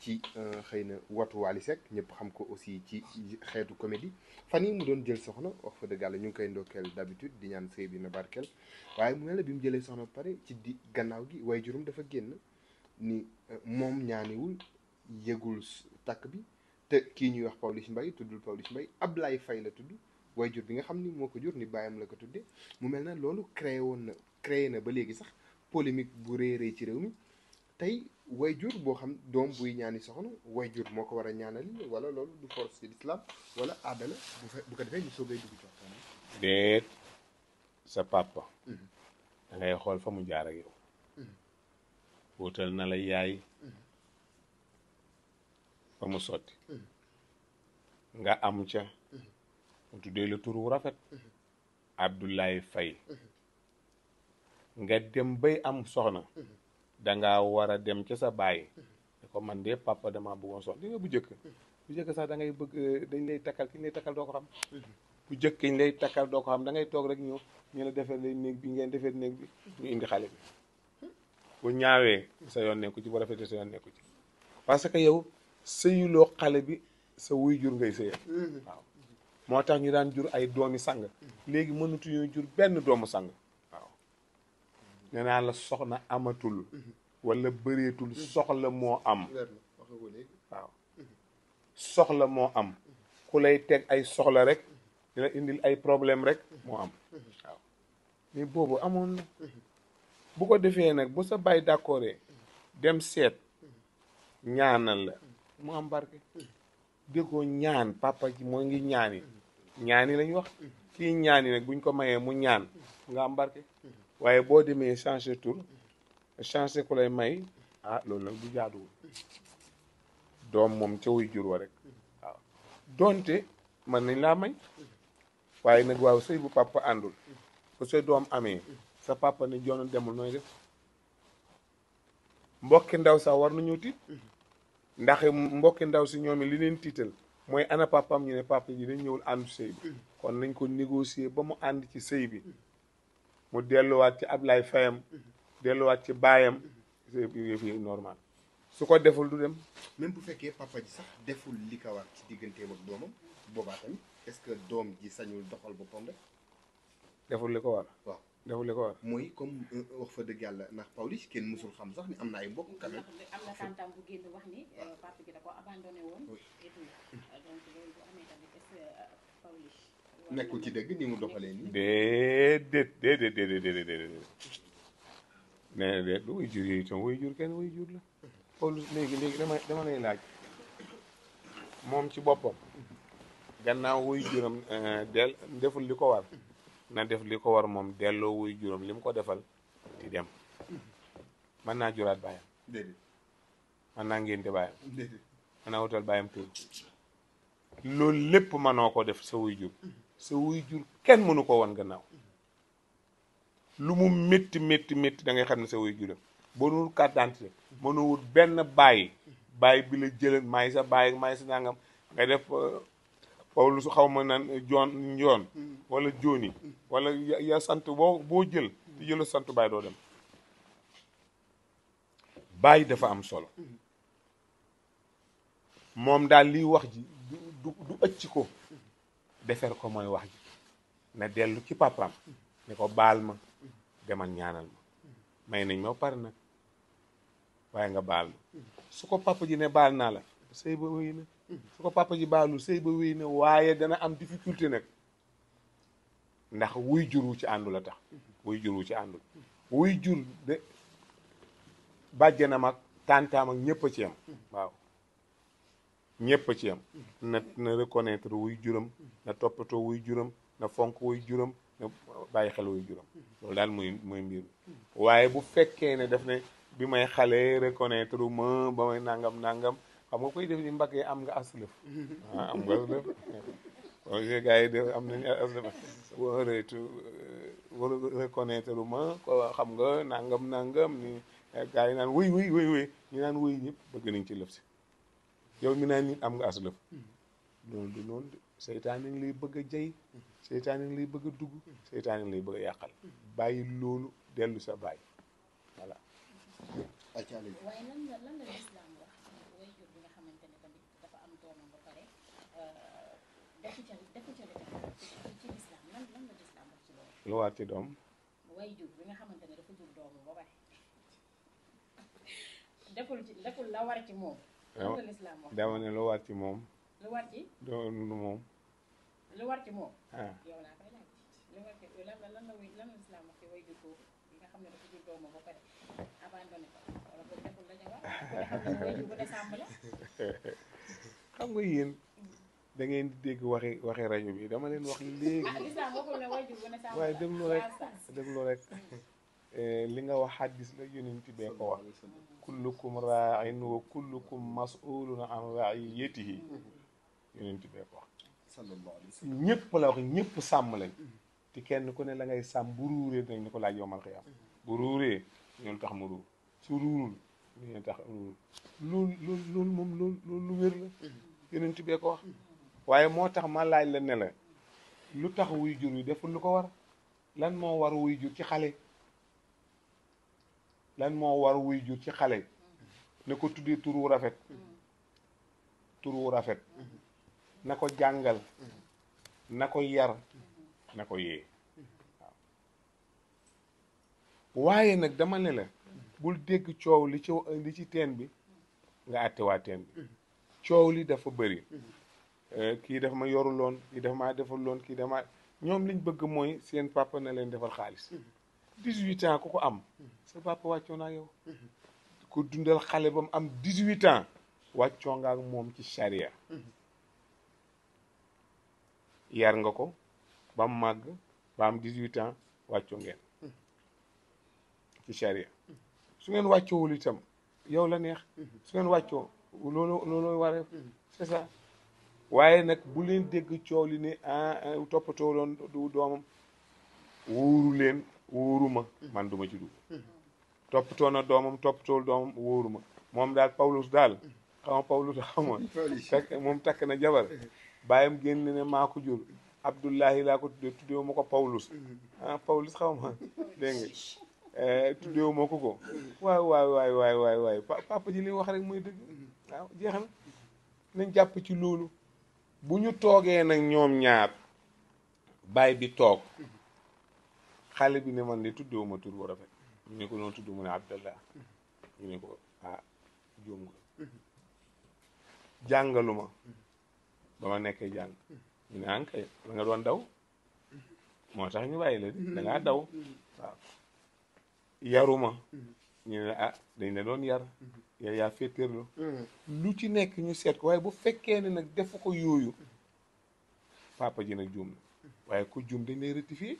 ci euh, xëy na watu Wally Seck ñëpp xam ko aussi ci xeetu comédie fan yi mu doon jël soxna wax fa dëgg ñu ngi koy ndokkeel d'habitude di ñaan see bi na barkeel waaye mu ne la bi mu jëlee soxna ba pare ci di gannaaw gi waaye jurum dafa génn ni euh, moom ñaaniwul yëgul takk bi te kii ñuy wax Pawlish mbay tuddul mbay ab Ablaye fay la tudd waaye jur bi nga xam ni moo ko jur ni bàyyam la ko tuddee mu mel na loolu créé woon na créé na ba léegi sax polémique bu réeree ci réew mi jur boo xam doom buy ñaani soxna jur moo ko war a ñaanali wala loolu du force ci lislaam wala aada la bu fe bu ko defee ñu soogay dugg ci waxtaan déet sa papa. Mhm. da ngay xool fa mu jaar ak yow. Mhm. wutal na la yaay. Mhm. fa mu sotti. nga am ca. mu tuddee la tur wu rafet. Abdoulaye fay nga dem bay am soxna. danga war a dem ca sa baay ne ko man de papa dama bëggoon soxna di nga bu jëkk bu jëkk sax da ngay bëgg eh, dañ lay takkal ki ñu lay takkal doo ko xam bu jëkk ki lay takkal doo ko xam da ngay toog rek ñëw ñu la defee lay néeg bi ngeen defar néeg bi ñu indi xale bi bu ñaawee sa yoon nekku ci bu rafetee sa yoon nekku ci parce que yow sëyuloo xale bi sa wuy jur ngay sëyal mm-hmm. waaw moo tax ñu daan jur ay doomi sang léegi mënatuñoo jur benn doomu sang nee naa la soxna amatul. Mhm. wala bëreetul mhm. soxla moo am. waaw mhm. soxla moo am. ku lay teg ay soxla rek di la indil ay problème rek moo am waaw boobu amoon bu ko defee nag bu sa bàyyi d'accord eh, dem seet ñaanal la mu am barke déggoo ñaan papa ji moo ngi ñaani ñaani lañ wax kii ñaani nag buñ ko mayee mu ñaan nga am barke waaye boo demee changer tour changer ku lay may ah loolu nag bu jaaduwul doom moom ca wuy jur wa rek waaw donte mën nañ laa may waaye nag waaw sëy bu papa àndul bu doom amee sa papa ne jono demul nooy def mbokki ndaw sax war nañoo tiit ndax mbokki ndaw si ñoom li leen tiital mooy ana papam ñu ne papa ji dañ ñëwul ànd sëy bi kon nañ ko négocier ba mu ànd ci sëy bi mu delluwaat ci ab Ablaye Fayam delluwaat ci baayam normal su ko deful du dem. même bu fekkee papa ji sax deful li ko war ci digganteem ak doomam boobaa tamit est-ce que doom ji sañul doxal boppam rek. deful li ko war. waaw deful li ko war. mooy comme euh, wax fa dëgg yàlla ndax Pawlish kenn musul xam sax ni am na ay mbokk. quand même am na tantam bu génn wax ni euh, ah. papa ji da ko woon. nekkul ci dëgg ni mu doxalee nii. déedéet déedéet déedéet déedéet nee na du way jur yooyu itam way jur kenn léegi léegi dama dama lay moom ci boppam gannaaw way juram eh, del deful li ko war na def li ko war moom delloo way juram li mu ko defal di dem mën naa juraat baayam. déedéet mën naa ngénte baayam. déedéet mën naa wutal baayam tur loolu lépp mënoo ko def sa way jur. sa wuy jur kenn mënu ko won gannaaw lu mu métti métti métti da ngay xam ne sa wuy jur boo nul carte d'identité mënu wut benn bàyyi bàyyi bi la jëlan maay sa bàyyi maay sa nangam ngay def euh, Paulus xaw ma naan joon jon wala jooni wala ya sant boo boo jël te jëla sant bàyyi doo dem bàyyi dafa am solo moom daal liy wax ji du du ëcc ko defer ko mooy wax ji na dellu ci papam ne ko baal ma demal ñaanal ma may nañ ma pare nag waaye nga baal ma su ko papa ji ne baal naa la sëy ba wéy na su ko papa ji baalul sëy ba wéy na waaye dana am difficulté nekk ndax wuy jur wu ci àndul a tax wuy jur wu ci àndul wuy jur de bàjjanam ak tàntaam ak ñëpp a waaw ñépp a ci am na na reconnaître wuy juram na toppatoo wuy juróom na fonk wuy juróom na bàyyi xel wuy juram loolu daal muy muy mbir waaye bu fekkee ne daf ne bi may xale reconnaître ma ba may nangam nangam xam nga koy def ni mbaggee am nga aslëf ah, am nga aslëf oe gars yi def am euh, ma xam nga nangam nangam ni yi naan wuy wuy wuy wuy naan wuy ñëpp bëgg nañ ci lëf si yow mi naa nit am nga aslëf noonu du noonu de seytaane lay bëgg a jay seytaane lay bëgg a dugg seytaane ngi lay bëgg a yàqal bàyyi loolu dellu sa bàyyi waaye lan lan la lislaam wax ci lislaam la war ci doom waajur bi nga xamante dafa jur doomu ba pare deful deful la war ci moom dama ne lu war ci moom. lu xam nga yéen da ngeen di dégg waxi waxi rajo bi dama leen wax léegi. ah lislaam waxul ne way jur waaye déglu rek rek. Mm. Eh, li nga wax xadis la yonent bee ko wax kullukum raain wa kullukum masulun an raiyatihi yonent bee ko wax ñëpp la wax ñëpp sàmm lañ te kenn ku ne la ngay sàmm bu ruuree dinañ ni ko laaj yowmal xiyaam bu tax mu ruur su ruurul ñoolu tax lu wér la yonent bee ko wax waaye moo tax ma laaj la ne la lu tax wuy jur yi deful lu ko war lan moo war wuy jur ci xale lan moo war wuy jur ci xale na ko tuddee tur wu rafet tur wu rafet na ko jàngal na ko yar na ko yee waaye nag dama ne la bul dégg coow li ci li ci teen bi nga àtte waa teen bi coow li dafa bëri eh, kii dafa ma yoru loon kii dafa maa defal loon kii dafa ma ñoom liñ bëgg mooy seen papa na leen defal xaalis 18 ans ku ko am sa papa wàccoo naa yow ku dundal xale ba mu am 18 ans wàccoo nga moom ci charia yar nga ko ba mu màgg ba am 18 ans wàccoo ngeen ci charia su ngeen wàccoowul itam yow la neex su ngeen wàccoo looloo looloo waree c'est ça waaye nag bu leen dégg coow li ne ah, ah toppatoo du doomam wóoru leen wóoruma man duma ci dugg toppatoo na doomam toppatool doomam wóoruma moom daal Pawlish daal xama Pawlish xama takk moom takk na jabar bàyyam génn ne maako ko jur Abdullahi laa ko tuddee tuddeewu ma ko Pawlish ah Pawlish xawma dégg nga eh, tuddeewu ma ko ko waay waay waay waay waay waay papa ji li wax rek mooy dëgg waaw jeex na nañ jàpp ci loolu bu ñu toogee nag ñoom ñaar baay bi toog xale bi ne man de tuddewuma tur bu rafet ñu ne ko noonu tudd mu ne abdallah ñu ne ko ah juum nga jàngaluma ba ma nekkee jàng ñu ne ankay ah, da doon daw moo tax ñu bàyyi la di da daw yaruma ñu ne ah dañ la doon yar yaa féetéerlu lu ci nekk ñu seet ko waaye bu fekkee ne nag def ko yooyu papa jën nag juum na waaye ku juum dañ lay rectifier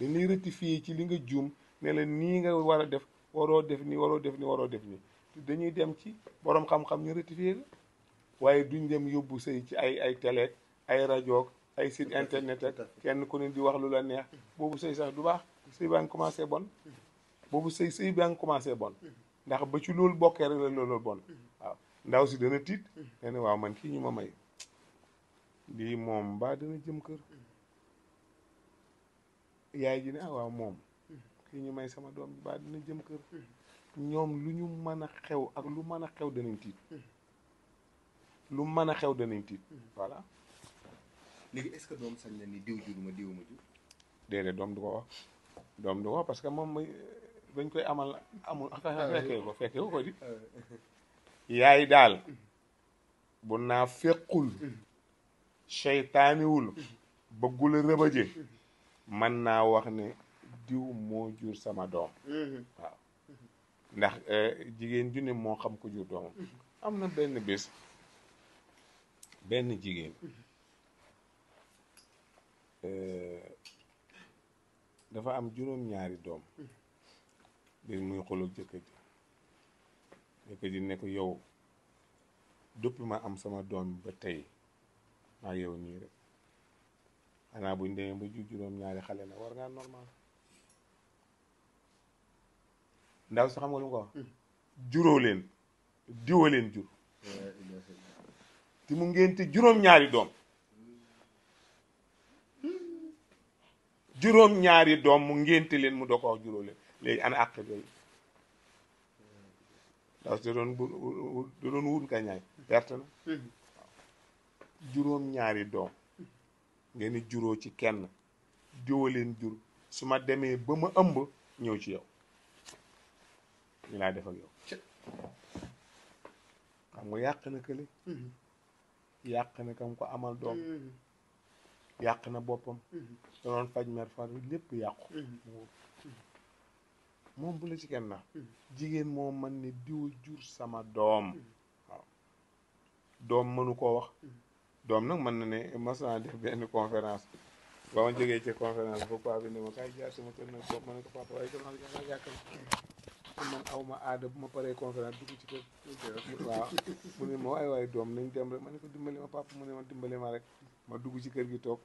dañ lay rectifier ci li nga juum ne la nii nga war a def waroo def nii waroo def nii waroo def nii dañuy dem ci boroom xam-xam ñu rectifier la waaye duñ dem yóbbu say ci ay ay télé ay rajo ay site internet ak kenn ku ne di wax lu la neex boobu sëy sax du baax sëy baa ngi commencé bon boobu sëy sëy baa commencé bon ndax ba ci loolu bokkee rek la loolu bon waaw ndaw si dana tiit mm. nee waaw man kii ñu ma may lii moom mbaa dana jëm kër yaay ji ne ah waaw moom kii ñu may sama doom baa dina jëm kër ñoom lu ñu mën a xew ak lu mën a xew danañ tiit lu mën a xew danañ tiit voilà léegi est-ce que doom sañ na ni ma diw ma jur déedéet doom du ko wax doom du ko wax parce que moom bañ koy amal amul fekkee ko fekkee ko di yaay daal bu naa fekkul seytaaniwul bëggul rëbëje man naa wax ne diw moo jur sama doom mm-hmm. waaw ndax eh, jigéen ju ne moo xam ko jur doom mm-hmm. am na benn bés benn jigéen mm-hmm. eh, dafa am juróom-ñaari doom bis muy xuloo jëkkër ji jëkkër ji ne ko yow doppi ma am sama doom ba tey maa yow nii rek xanaa bu demee ba ju juróom-ñaari xale na war ngaa normal ndaw si xam nga lu ko wax hmm. juróo leen diwa leen jur te mu ngénte juróom-ñaari doom juróom-ñaari doom mu ngénte leen mu doo ko wax juróo leen léegi ana àq doy ndaw si da doon wut nga ñaay hmm. juróom-ñaari doom ngeen di juróo ci kenn diwaleen jur su ma demee ba ma ëmb ñëw ci yow ñu laa def ak xam nga yàq na kële mm-hmm. yàq na kam ko amal doom mm-hmm. yàq na boppam mm-hmm. danoon faj mer far lépp yàqu moom bu la ci kenn naa jigéen moo man ni diw jur sama doom waaw doom mënu koo wax doom nag mën na ne mas naa def benn conférence ba ma jegee ci conférence ba paa bi jaar sama boobu ma ne ko papa waaye kër naa jaaxal man aw ma aada bu ma paree conférence dugg ci kër waaw mu ne ma waay waay doom nañ dem rek ma ne ko dimbali ma papa mu ne ma dimbali ma rek ma dugg ci kër gi toog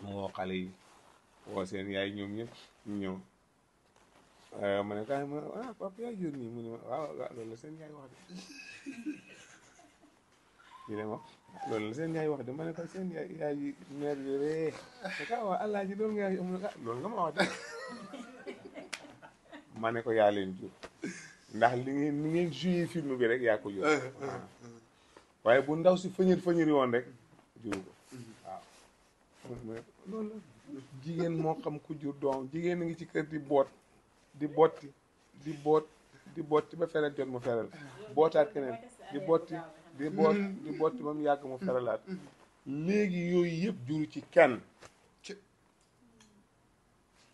mu woo yi woo seen yaay ñoom ñëpp ñu ñëw eh, ma ne kaay ah, ma ah, papa yaay jur nii mu ne ma waaw loolu seen yaay wax de ñu ne ma lool la seen yaay wax di ma ne ko seen yaay yaay yi meer bi ree te waa allah ji loolu nga yaay amul ah loolu nga ma wax de ma ne ko yaa leen jur ndax li ngeen ni ngeen joué film bi rek yaa ko jur uh-huh, uh-huh, uh-huh. waaye bu ndaw si fëñër fëñër yoon rek jur ko waaw loolu jigéen moo xam ku jur doom jigéen a ngi ci kër di boot di boot di boot di botti ba feral jot mu feral bootaat keneen di botti di boot mm. di boot ba mu yàgg mu mm. feralaat mm. léegi yooyu yëpp juru ci kenn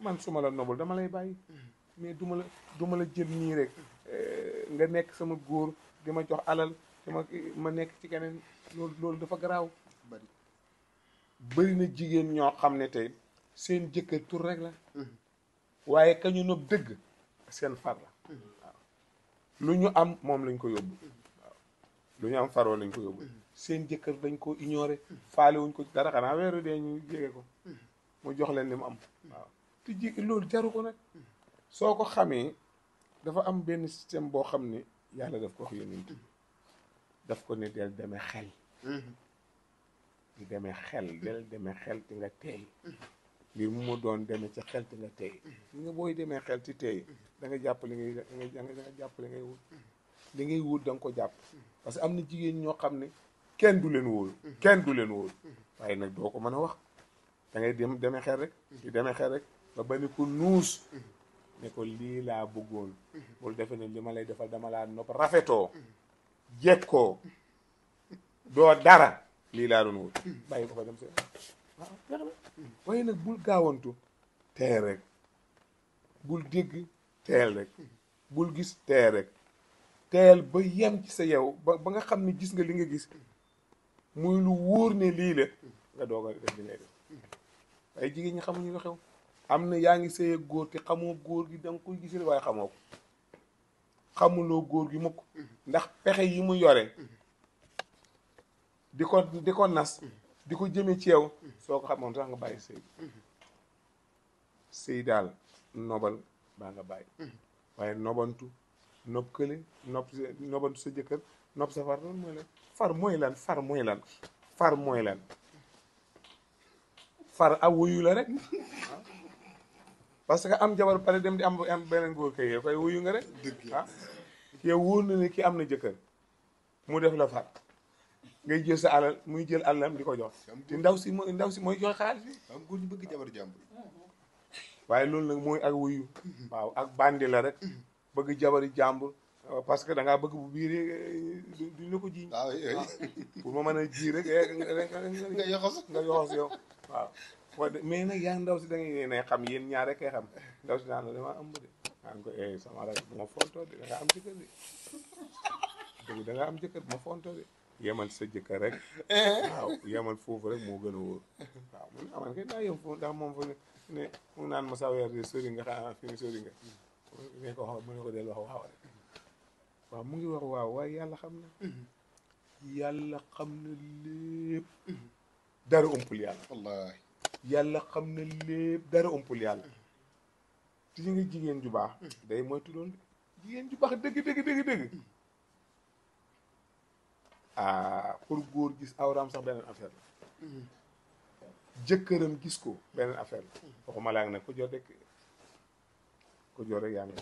man suma la nobul dama lay bàyyi mais du la du ma la jël nii rek eh, nga nekk sama góor di ma jox alal di ma ma nekk ci keneen loolu loolu dafa garaaw bari bëri na jigéen ñoo xam ne tey seen jëkkër tur rek la waaye ka ñu nob dëgg seen far la lu ñu am moom lañ ko yóbbu lu ñu am faroo lañ ko yóbbu seen jëkkër dañ ko ignoré faalewuñ wuñ ko dara xanaa weeru dee ñu jege ko mu jox leen li mu am waaw te ji loolu jaru ko nag soo ko xamee dafa am benn système boo xam ne yàlla def ko wax yonent daf ko ne del demee xel di demee xel del demee xel te nga teey mbir mu doon deme ci xel te nga teey nga booy demee xel ci teey da nga jàppale ngay da nga jàppale ngay wut li ngay wóor da nga ko jàpp parce que am na jigéen ñoo xam ne kenn du leen wóolu kenn du leen wóolu waaye nag doo ko mën a wax da ngay dem demee xel rek di demee xel rek ba ba ni ko nuus ne ko lii laa bëggoon bul defe ne li ma lay defal dama laa nopp rafetoo jekkoo doo dara lii laa doon wóolu ko fa dem see waaye nag bul gaawantu teel rek bul dégg teel rek bul gis teel rek teel ba yem ci sa yow ba ba nga xam ne gis nga li nga gis muy lu wóor ne lii la nga doog a def waaye jigéen ñi xamuñu lu xew am na yaa ngi sëye góor ki xamoo góor gi da nga koy gisal waaye xamoo ko xamuloo góor gi mukk ndax pexe yi mu yore di ko di ko nas di ko jëme ci yow soo ko xamoon sax nga bàyyi sëy sëy daal nobal baa nga bàyyi mm-hmm. waaye nobantu nopp kële nopp noppantu sa jëkkër nopp sa far loolu mooy lan far mooy lan far mooy lan far mooy wuyu la rek parce que am jabar pare dem di am am beneen góor kay yow koy nga rek ah yow wóor na ne ki am na jëkkër mu def la far jël sa alal muy jël alalam di ko jox te ndaw si mooy ndaw si mooy jox xaalis bi bëgg jabar jàmbur waaye loolu nag mooy ak wuyu mm-hmm. waaw ak bandi la rek mm-hmm. bëgg jabari jàmbur euh, parce que da bëgg bu biir euh, duñ la ko jiiñ. waaw ah, pour ma mën a ji rek eh, nga yoxos nga yoxos yow waaw. waaw mais nag yaa ndaw si da ngay ne xam yéen ñaar rek kay xam ndaw si naan la eh, am jëkkër de dëgg da nga am jëkkër bu ma fontoo de yemal sa jëkkër rek eh? waaw yemal foofu rek moo gën a wóor waaw mun aman kay daa yem foofu ndax moom fa ne mu naan ma sa weer de sori nga fi mu sori nga mu ne wax waaw waaw mu ngi wax waaw waaye yàlla xam na mhm. mhm. yàlla xam na lépp dara umpul yàlla yàlla xam na lépp dara ñu ngi jigéen ju baax mhm. day moytu doon jigéen ju baax dëgg dëgg dëgg dëgg ah pour góor gis awraam sax beneen affaire la jëkkëram gis ko beneen affaire la waxuma laa ngi nag ko jot rek ku jóor rek yaa ngi